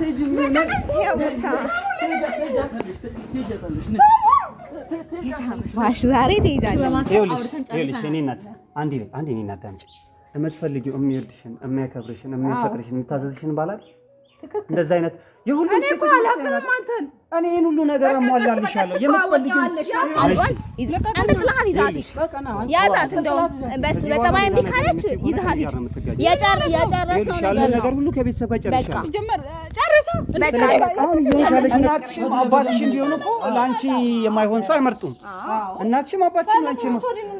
ዛሬ ትይዛለሽ። አንዴ እኔን አዳምጪ። የምትፈልጊው የሚወድሽን፣ የሚያከብርሽን፣ የሚያፈቅርሽን የምታዘዝሽን ባላት እንደዛ አይነት የሁሉም እኔ ይሄን ሁሉ ነገር አሟላልሻለሁ። የምትፈልጊውን እናትሽም አባትሽም ቢሆን እኮ ለአንቺ የማይሆን ሰው አይመርጡም። እናትሽም አባትሽም ለአንቺ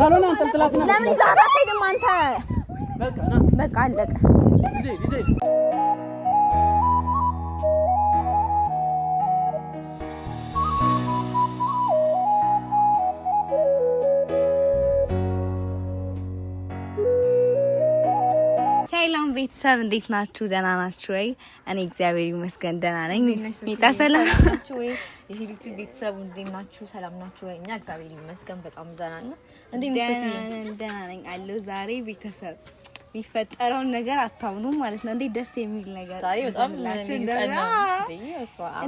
ካልሆነ ለምን ይዘሀት አትሄድም አንተ? በቃ አለቀ። ሀይላም ቤተሰብ እንዴት ናችሁ? ደህና ናችሁ ወይ? እኔ እግዚአብሔር ይመስገን ደህና ነኝ። ናችሁ ወይ? ይሄ ዩቲዩብ ቤተሰብ እንዴት ናችሁ? ሰላም ናችሁ ወይ? እኛ እግዚአብሔር ይመስገን በጣም ዘና ነን። እንዴት ደህና ነኝ አለሁ። ዛሬ ቤተሰብ የሚፈጠረውን ነገር አታምኑ ማለት ነው። እንዴት ደስ የሚል ነገር ዛሬ በጣም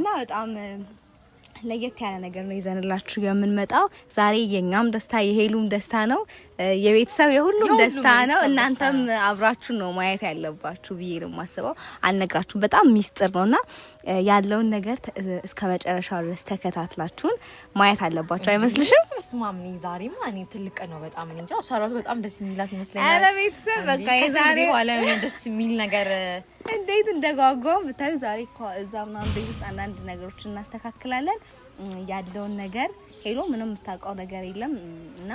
እና በጣም ለየት ያለ ነገር ነው ይዘንላችሁ የምንመጣው ዛሬ። የኛም ደስታ የሄሉም ደስታ ነው፣ የቤተሰብ የሁሉም ደስታ ነው። እናንተም አብራችሁ ነው ማየት ያለባችሁ ብዬ ነው የማስበው። አልነግራችሁም፣ በጣም ሚስጥር ነው እና ያለውን ነገር እስከ መጨረሻ ድረስ ተከታትላችሁን ማየት አለባችሁ። አይመስልሽም? ስማም ነኝ። ዛሬማ እኔ ትልቅ ነው በጣም እንጃ። ሰራቱ በጣም ደስ የሚላት ይመስለኛል። ቤተሰብ በቃ የዛሬ ደስ የሚል ነገር እንዴት እንደጓጓው ብታዩ። ዛሬ እኮ እዛ ምናምን ቤት ውስጥ አንዳንድ ነገሮች እናስተካክላለን። ያለውን ነገር ሄሎ ምንም የምታውቀው ነገር የለም እና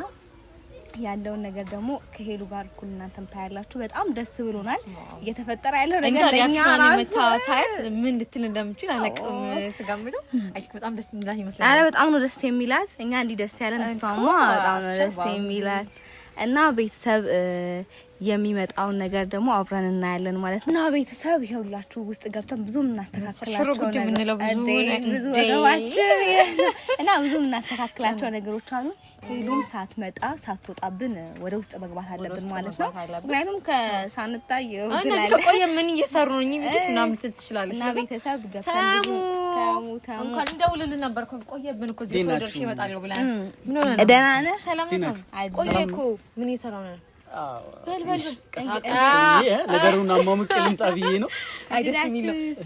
ያለውን ነገር ደግሞ ከሄሉ ጋር እኩል እናንተም ታያላችሁ። በጣም ደስ ብሎናል። እየተፈጠረ ያለው ነገር ለኛ ራሱ ምን ልትል እንደምችል አላውቅም። ስጋምጡ አይ በጣም ደስ የሚላት ይመስላል። አረ በጣም ነው ደስ የሚላት። እኛ እንዲህ ደስ ያለን እሷማ በጣም ነው ደስ የሚላት እና ቤተሰብ የሚመጣውን ነገር ደግሞ አብረን እናያለን ማለት ነው እና ቤተሰብ ይኸውላችሁ ውስጥ ገብተን ብዙ እናስተካክላቸው እና ብዙ የምናስተካክላቸው ነገሮች አሉ። ሄሉም ሳትመጣ ሳትወጣብን ወደ ውስጥ መግባት አለብን ማለት ነው። ምክንያቱም ከሳንታይ ከቆየ ምን እየሰሩ ነው እኚህ ልጆች ምናምን ትል ትችላለች። እና ቤተሰብ ገብተንእንኳን እንደውልልን ነበር ቆየብን እኮ እዚህ ተወደርሽ ይመጣለሁ ብላ ምን ሆነ ደህና ነህ? ሰላም ነው ቆየ እኮ ምን እየሰራው ነው ነገሩን አሟሙቅ ልምጣ ብዬ ነው።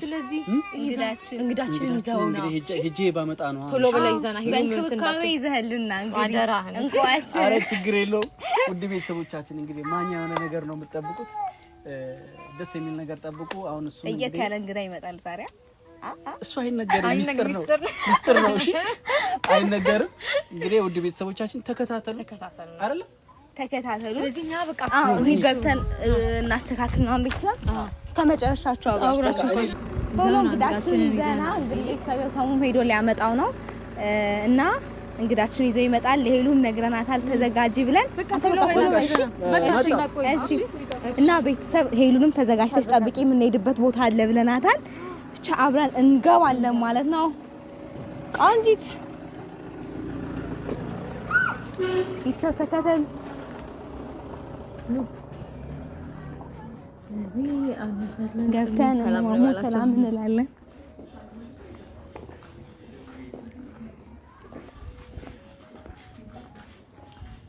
ስለዚህ እንግዳችንን ባመጣ ችግር ውድ ቤተሰቦቻችን እንግዲህ ማኛ የሆነ ነገር ነው የምጠብቁት ደስ የሚል ነገር ጠብቁ። አሁን እሱ ያለ እንግዳ ይመጣል ዛሬ እሱ አይነገርም፣ ሚስጥር ነው፣ ሚስጥር ነው። እሺ አይነገርም። እንግዲህ ውድ ቤተሰቦቻችን ተከታተሉ፣ አይደለም ተከታተሉ። ስለዚህ እኛ በቃ ገብተን እናስተካክል ነው ቤተሰብ እስከ መጨረሻቸው አብራችሁ ሆኖ እንግዳችን ይዘና እንግዲህ ቤተሰብ ተሙም ሄዶ ሊያመጣው ነው እና እንግዳችን ይዘው ይመጣል። ለሄሉም ነግረናታል ተዘጋጂ ብለን እና ቤተሰብ ሄሉንም ተዘጋጅተሽ ጠብቂ የምንሄድበት ቦታ አለ ብለናታል። ብቻ አብረን እንገባለን ማለት ነው። ቆንጂት ቤተሰብ ተከተሉ። ገብተን ማሙ ሰላም እንላለን።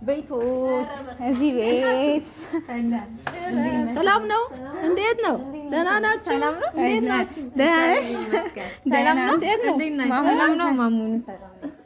ቤቶች እዚህ ቤት ሰላም ነው። እንዴት ነው? ደህና ናችሁ? ሰላም ነው። እንዴት ናችሁ? ደህና ነው። ሰላም ነው። ማሙ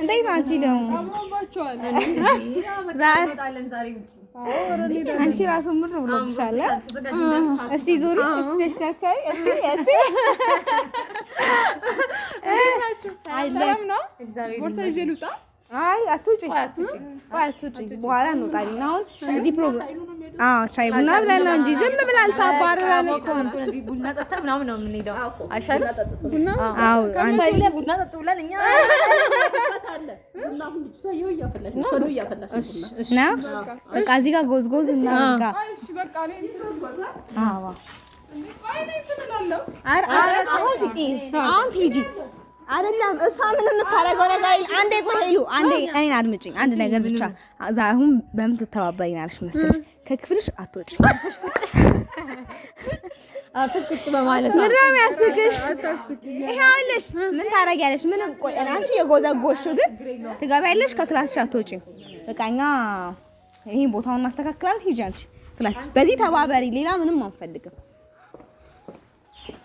እንዴት አንቺ ደግሞ አንቺ ራሱ ምር ብሎብሻል። እስቲ ዙሪ፣ እስቲ ተሽከርከሪ። አይ አትውጪ፣ በኋላ እንውጣለን። አሁን እዚህ ፕሮግራም አዎ ሻይ ቡና ብለን ነው እንጂ ዝም ብላል ታባረራል እኮ ቡና ጠጥታ ምናምን ነው የምንሄደው። አይሻልም? ቡና ጠጥ ብለን እኛ በቃ እዚህ ጋር ጎዝጎዝ እና አሁን ሂጂ አይደለም እሷ ምንም የምታደርገው ነገር አንዴ ቆይ ሄሉ አንዴ እኔን አድምጪኝ አንድ ነገር ብቻ አሁን በምን ትተባበሪኝ አለሽ መሰለሽ ከክፍልሽ አትወጪ አፍሽ ቁጭ በማለት ምንድን ነው የሚያስቅሽ ይኸውልሽ ምን ታደርጊያለሽ ምንም ቆይ አንቺ የጎዘጎሽው ግን ትገቢያለሽ ከክላስሽ አትወጪ። በቃ እኛ ይሄን ቦታውን ማስተካከላል ሂጂ አንቺ ክላስ በዚህ ተባበሪ ሌላ ምንም አንፈልግም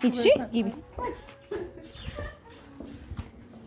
ሂጂ ግቢ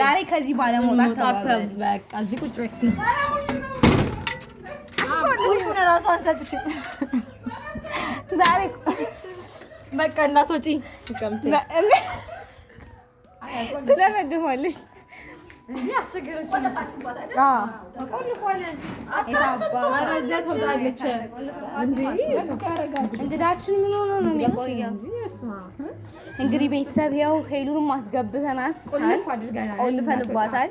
ዛሬ ከዚህ ባለመውጣት እዚህ ቁጭ በይ እስኪ እራሱ ዛሬ በቃ እናት ወጪ ትለመድማለች። እንግዳችን ምን ሆኖ ነው የሚቆየው? እንግዲህ ቤተሰብ ያው ሄሉንም አስገብተናት ቆልፈንባታል።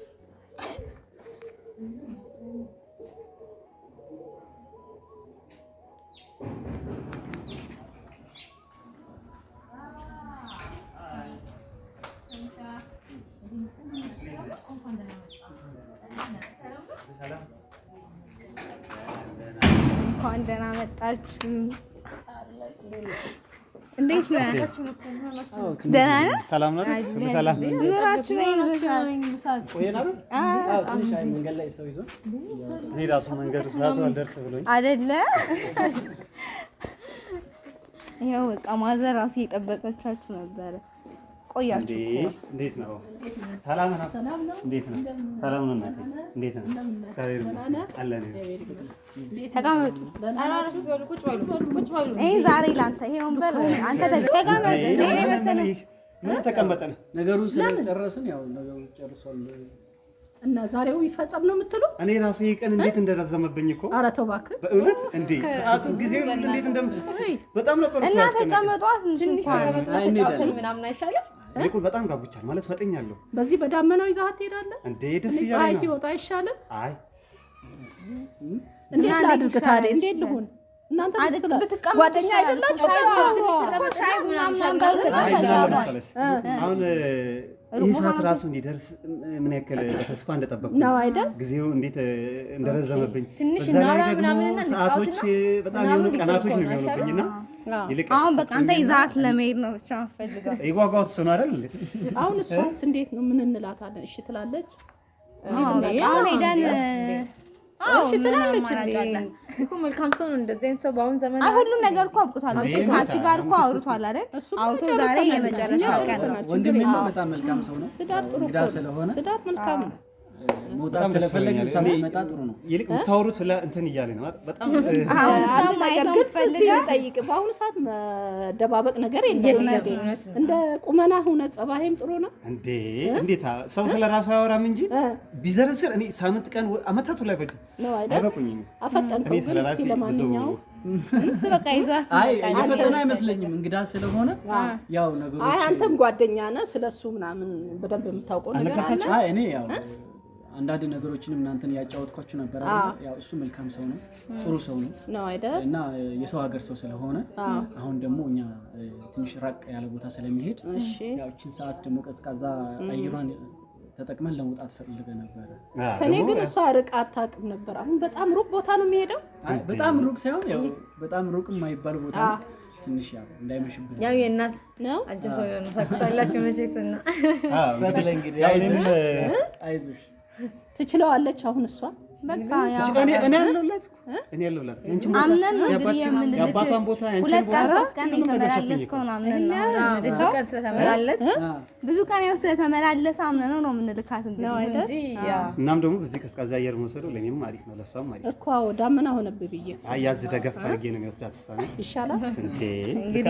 እንኳን ደህና መጣችሁ። እንዴት ነህ? ደህና ነህ? ሰላም ነው። ሰላም ኑራችሁ ነው። ላይ ሰው እኔ ራሱ መንገድ አልደርስ ብሎኝ አይደለ? ይኸው በቃ ማዘር እየጠበቀቻችሁ ነበረ። ቆያችሁ። እንዴት ነው? ሰላም ነው? እንዴት ነው? ሰላም ነው? እናቴ እንዴት ነው? እግዚአብሔር ይመስገን አለን። ተቀመጡ። ይሄ ዛሬ ላንተ ይሄ ወንበር አንተ ተቀመጥ። ምን ተቀመጠን? ነገሩን ስለጨረስን ያው ነገሩ ጨርሷል እና ዛሬው ይፈጸም ነው የምትሉ? እኔ ራሴ ቀን እንዴት እንደረዘመብኝ እኮ። ኧረ ተው እባክህ በእውነት እንዴ! ሰዓቱ ጊዜ እንዴት እንደም በጣም ነበር እና ተቀመጧ ትንሽ ተቀመጧ ተጫውተን ምናምን አይሻልም? ይልቁን በጣም ጋጉቻል ማለት ፈጠኛለሁ። በዚህ በዳመናው ይዛት ትሄዳለህ እንዴ? ደስ ይላል። ፀሐይ ሲወጣ አይሻልም? አይ እንዴት ላድርግ ታዲያ? እንዴት ልሁን? እናንተ ጓደኛ አይደላችሁ? አሁን ይህ ሰዓት ራሱ እንዲደርስ ምን ያክል በተስፋ እንደጠበቅኩ ነው አይደል? ጊዜው እንዴት እንደረዘመብኝ በዛ ላይ ደግሞ ሰዓቶች በጣም የሆኑ ቀናቶች ነው የሚሆኑብኝ እና አሁን በቃ አንተ ይዛት ለመሄድ ነው ብቻ ፈልገው ይጓጓት እሱ አይደል? አሁን እሷስ እንዴት ነው? ምን እንላታለን? እሺ ትላለች። አሁን ሄደን እሺ ትላለች እኮ መልካም ሰው ነው። እንደዚህ አይነት ሰው በአሁን ዘመን ሁሉም ነገር እኮ አብቅቷል። አንቺ ጋር እኮ አውርቷል አይደል? አውቶ ዛሬ የመጨረሻ ቀን ነው። ወንድሜ በጣም መልካም ሰው ነው። ትዳር ጥሩ ስለሆነ ትዳር መልካም ነው። መውጣት ስለፈለግ ሳመጣ ጥሩ ነው። ይልቅ የምታወሩት እንትን እያለ ነው። በጣም ጠይቅ። በአሁኑ ሰዓት መደባበቅ ነገር የለም። እንደ ቁመና ሆነ ጸባይም ጥሩ ነው። እንዴ እንዴታ ሰው ስለ ራሱ አያወራም እንጂ ቢዘረዝር እኔ ሳምንት ቀን አመታቱ ላይ በቃ አይበቁኝም። አፈጠንከው ግን እስኪ ለማንኛውም ፈተና አይመስለኝም። እንግዳ ስለሆነ ያው ነገሮች አንተም ጓደኛ ነህ፣ ስለሱ ምናምን በደንብ የምታውቀው ነገር አለ እኔ ያው አንዳንድ ነገሮችንም እናንተን ያጫወትኳችሁ ነበር። ያው እሱ መልካም ሰው ነው፣ ጥሩ ሰው ነው እና የሰው ሀገር ሰው ስለሆነ አሁን ደግሞ እኛ ትንሽ ራቅ ያለ ቦታ ስለሚሄድ ያው ሰዓት ደግሞ ቀዝቃዛ አየሯን ተጠቅመን ለመውጣት ፈልገ ነበረ። ከኔ ግን እሷ ርቅ አታውቅም ነበር። አሁን በጣም ሩቅ ቦታ ነው የሚሄደው። በጣም ሩቅ ሳይሆን ያው በጣም ሩቅ የማይባል ቦታ ትንሽ ያው እንዳይመሽብን ያው የእናት ነው አጀፈ ታውቁታላችሁ መቼ ስና በተለይ እንግዲህ አይዞሽ ትችለዋለች። አሁን እሷ ብዙ ቀን ያው ስለተመላለሰ አምነን ነው ነው የምንልካት እናም ደግሞ በዚህ ቀዝቃዛ አየር መውሰዱ ለእኔም አሪፍ ነው ለእሷም አሪፍ እኮ አዎ ዳመና ሆነብህ ብዬሽ አይ ያዝ ደገፍ አድርጌ ነው የሚወስዳት እሷ ይሻላል እንደ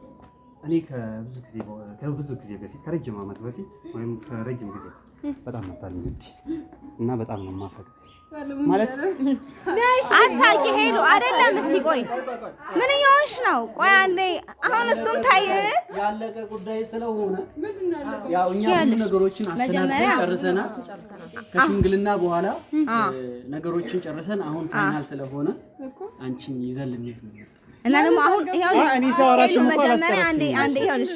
እኔ ከብዙ ጊዜ ከብዙ ጊዜ በፊት ከረጅም ዓመት በፊት ወይም ከረጅም ጊዜ በጣም ነበር እንግዲህ እና በጣም ነው ማፈቅ ማለት አትሳቂ ሄሉ አይደለም። እስቲ ቆይ ምን እየሆንሽ ነው? ቆይ አንዴ አሁን እሱን ታይ ያለቀ ጉዳይ ስለሆነ ያው እኛ ብዙ ነገሮችን አስተናግደን ጨርሰና ከሽምግልና በኋላ ነገሮችን ጨርሰን አሁን ፋይናል ስለሆነ አንቺን ይዘን ልንሄድ ነው እና ደግሞ አሁን መጀመሪያ አንዴ ይኸውልሽ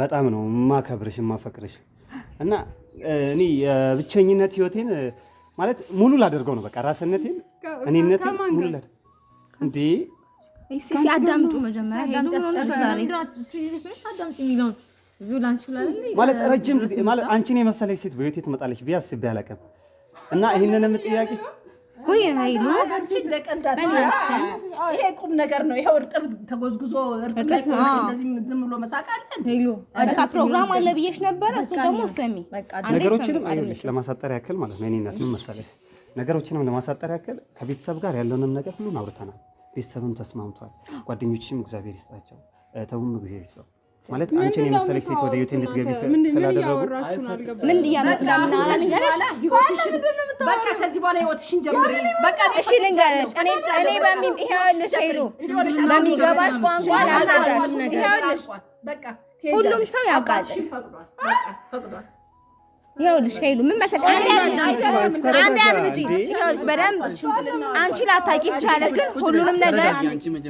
በጣም ነው የማከብርሽ የማፈቅርሽ እና እኔ የብቸኝነት ህይወቴን ማለት ሙሉ ላደርገው ነው በቃ ራስነቴን እኔነቴን ሙሉ ላደርገው እንዴ ሲያዳምጡ መጀመሪያ ማለት ረጅም ጊዜ ማለት አንቺን የመሰለች ሴት በህይወቴ ትመጣለች ብዬ አስቤ አላውቅም እና ይህንንም ጥያቄ ወይ ይሄ ቁም ነገር ነው። ይሄው እርጥብ ተጎዝጉዞ እርጥብ ላይ እንደዚህ ዝም ብሎ መሳቅ አለ። ፕሮግራም አለ ብዬሽ ነበረ። እሱ ደግሞ ስሚ ነገሮችንም አይልሽ ለማሳጠር ያክል ማለት ነው። እኔነት ምን መሰለሽ ነገሮችንም ለማሳጠር ያክል ከቤተሰብ ጋር ያለውንም ነገር ሁሉን አውርተናል። ቤተሰብም ተስማምቷል። ጓደኞችም እግዚአብሔር ይስጣቸው፣ ተውም እግዚአብሔር ይስጣቸው ማለት አንቺን የመሰለች ሴት ወደ ዩቲ እንድትገቢ ስላደረጉ ምን እያመጣ ምን አላ በቃ ከዚህ በኋላ ህይወትሽን ጀምሪ። በቃ እሺ ልንገርሽ፣ እኔ እኔ በሚ ይሄውልሽ፣ ሄሉ በሚገባሽ ቋንቋ ላስረዳሽ። ይሄውልሽ፣ ሁሉም ሰው ያውቃል። ይኸውልሽ ሄሉ ምን መሰለሽ፣ አንድ ያድምጪ። ይኸውልሽ በደምብ አንቺ ላታቂ ትችላለሽ፣ ግን ሁሉንም ነገር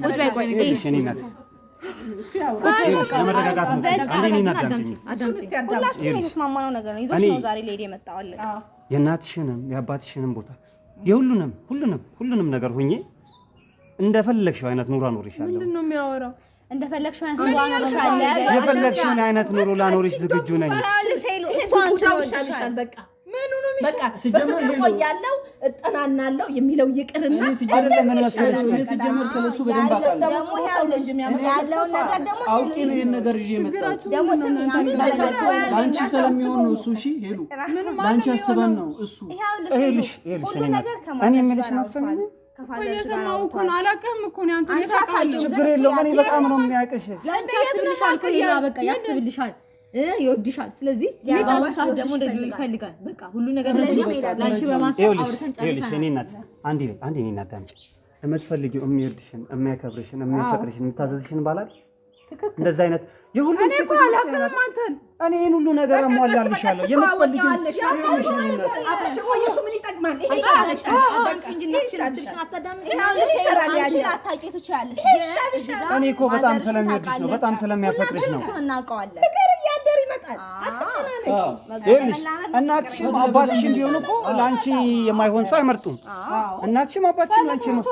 ውስጥ ቆይ ሁላችንም የተስማማነው ነገር ነው። ይዞች ነው የእናትሽንም የአባትሽንም ቦታ የሁሉንም ሁሉንም ሁሉንም ነገር ሁኜ እንደፈለግሽው አይነት ኑሮ አኖርሻለሁ። ምንድን ነው የሚያወራው? እንደፈለግሽውን አይነት ኑሮ ላኖርሽ ዝግጁ ነኝ። በቃ በፍቅር ቆያለሁ እጠናናለሁ የሚለው ይቅርና ሲጀመር ስለሱ በደንብ አውቄ ነው ይህን ነገር ይዤ የመጣሁት። ለአንቺ ስለሚሆን ነው እሱ። እሺ ሄሉ፣ ለአንቺ አስበን ነው እሱ። እኔ የምልሽ ማሰብ እየሰማሁ እኮ ነው። አላውቅህም እኮ ነው ችግር የለውም። እኔ በጣም ነው የሚያውቅሽ። ለአንቺ ያስብልሻል፣ ያስብልሻል ይወድሻል። ስለዚህ ሜዳሳት ደግሞ እንደ ይፈልጋል። በቃ ሁሉ አውርተን የምትፈልጊው የሚወድሽን፣ የሚያከብርሽን፣ የሚያፈቅርሽን፣ የምታዘዝሽን ባላል እንደዛ አይነት የሁሉ እኔ ይህን ሁሉ ነገር አሟላልሻለሁ። እኔ እኮ በጣም ስለሚወድሽ ነው፣ በጣም ስለሚያፈቅርሽ ነው። እናትሽም አባትሽም ቢሆን እኮ ለአንቺ የማይሆን ሰው አይመርጡም። እናትሽም አባትሽም ለአንቺ አንቺ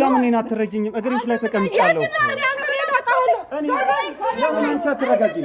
ለምን እኔን አትረጅኝም? እግርሽ ላይ ተቀምጫለሁ። አንቺ አትረጋጊም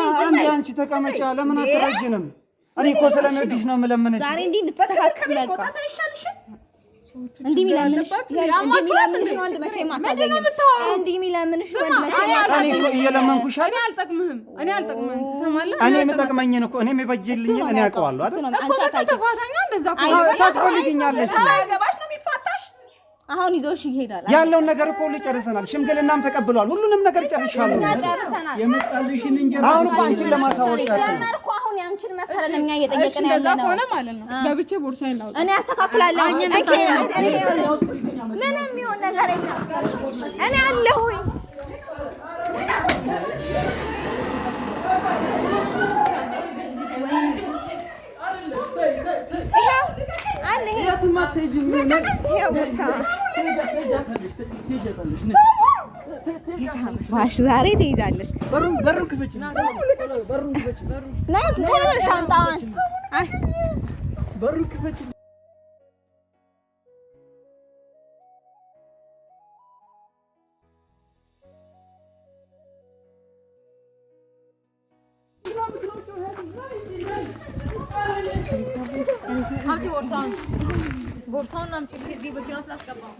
አንዴ አንቺ ተቀመጫ። ለምን አትረጅንም? እኔ እኮ ስለምወድሽ ነው የምለምንሽ። ዛሬ እንዲህ እንድትተካከል እንዲህ መቼ እንዲህ የሚለምንሽ እየለመንኩሽ አልጠቅምህም፣ አልጠቅምህም። ትሰማለህ? የምጠቅመኝን እኮ እኔ የሚበጅልኝን እኔ አውቀዋለሁ አይደል? እኮ አሁን ይዞሽ ይሄዳል። ያለውን ነገር እኮ ሁሉ ጨርሰናል። ሽምግልናም ተቀብሏል። ሁሉንም ነገር ጨርሻለሁ። የመጣልሽን አሁን እኮ አንቺን ለማሳወቅ አሁን ያንቺን መፍታለን ነው ማለት ነው። እኔ አስተካክላለሁ። ምንም ይሁን ነገር እኔ አለሁኝ። ታባሽ ዛሬ ትይዛለሽ። ሻንጣዋን ቦርሳውን አምጪ። እዚህ መኪና ውስጥ ላስገባው።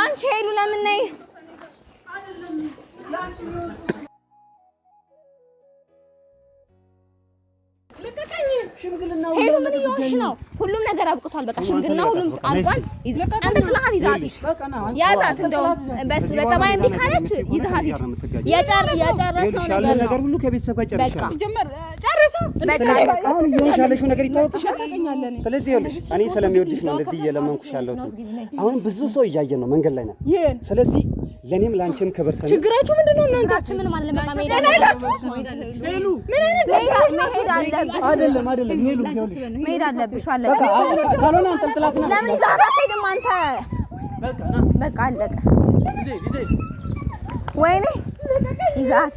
አንቺ ሄዱ ለምን ነይ? ሄዱ ምን እየሆንሽ ነው? ሁሉም ነገር አብቅቷል። በቃ ሽምግልና ሁሉም አልቋል። አንተ ጥላሃት ይዘሃት ያዛት። እንደውም በጸባይ እምቢ ካለች ይዘሃት ሂድ። የጨረስነው ነገር ነው። በቃ አሁን እየሆንሽ ያለሽው ነገር ይታወቅሻል። ስለዚህ ይኸውልሽ እኔ ስለሚወድሽ ነው እንደዚህ እየለመንኩሽ ያለሁት። አሁን ብዙ ሰው እያየን ነው፣ መንገድ ላይ ነው። ስለዚህ ለእኔም ለአንቺም ክብር ሰሚ። ችግራችሁ ምንድን ነው እናንተ? ምን መሄድ አለብሽ ለምን ይዘህ ወይኔ ይዘሀት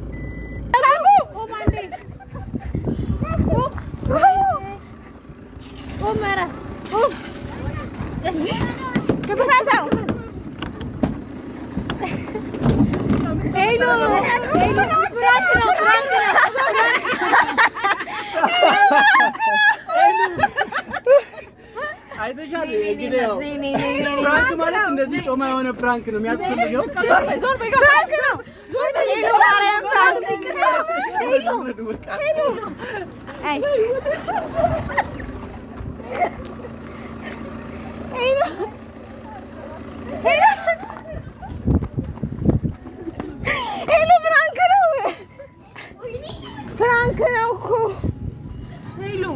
አይተሻል ፕራንክ ማለት እንደዚህ ጮማ የሆነ ፕራንክ ነው የሚያስፈልገው። ዞር በይ አይ ፍራንክ ነው ፍራንክ ነው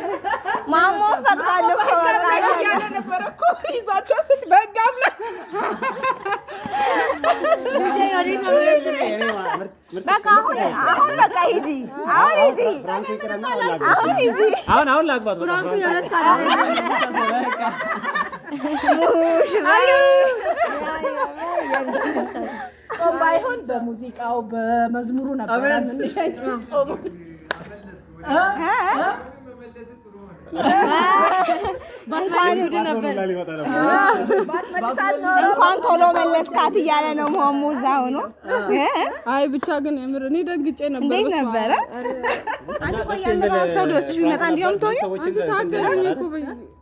ማሞ ፈቅዳል እኮ ያለ ነበረ እኮ ይዛቸው ስት በህግ አምላክ በቃ አሁን አሁን በቃ ሂጂ፣ አሁን ሂጂ፣ አሁን ሂጂ። አሁን አሁን ላግባት ጾም ባይሆን በሙዚቃው በመዝሙሩ ነበር ምንሸጭ ጾሙ እንኳን ቶሎ መለስካት እያለ ነው መሆሙ እዛ ሆኖ። አይ ብቻ ግን የምር እኔ ደግጬ ነበር። እንዴት ነበረ? አንቺ ቆይ ያንደማ ሰው ሊወስድሽ ቢመጣ እንዲሁም ቶኝ አንቺ ታገኝ እኮ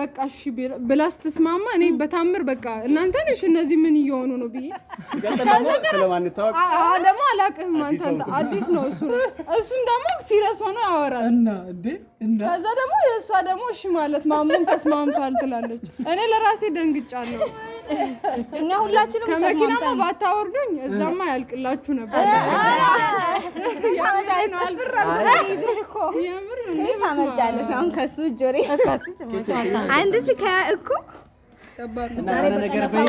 በቃ እሺ ብላ ስትስማማ እኔ በታምር በቃ እናንተ ነሽ እነዚህ ምን እየሆኑ ነው ብዬ ደግሞ አላውቅህም። አንተ አዲስ ነው እሱ እሱም ደግሞ ሲረስ ሆኖ ያወራል። ከዛ ደግሞ የእሷ ደግሞ እሺ ማለት ማሙን ተስማምቷል ትላለች። እኔ ለራሴ ደንግጫለሁ። እኛ ሁላችንም ከመኪናማ ባታወርዱኝ እዛማ ያልቅላችሁ ነበር። የምር ታመጫለሽ አሁን ከሱ ጆሬ አንድ ጭካ እኮ ለማንኛውም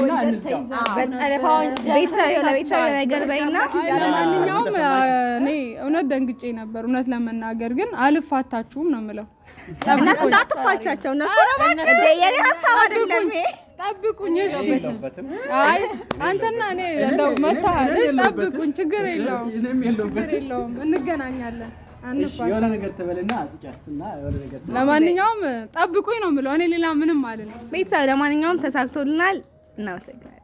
እኔ እውነት ደንግጬ ነበር። እውነት ለመናገር ግን አልፋታችሁም ነው የምለው። እንዳትፋቻቸው እነሱ የኔ ሀሳብ አይደለም። ጠብቁኝ። አይ አንተና እኔ እንደው መታህ ጠብቁኝ። ችግር የለውም፣ እንገናኛለን የሆነ ነገር ትበልና አስጫትና የሆነ ነገር ለማንኛውም ጠብቁኝ ነው የምለው እኔ ሌላ ምንም አልልም። ቤተሰብ ለማንኛውም ተሳክቶልናል። እናመሰግናለን።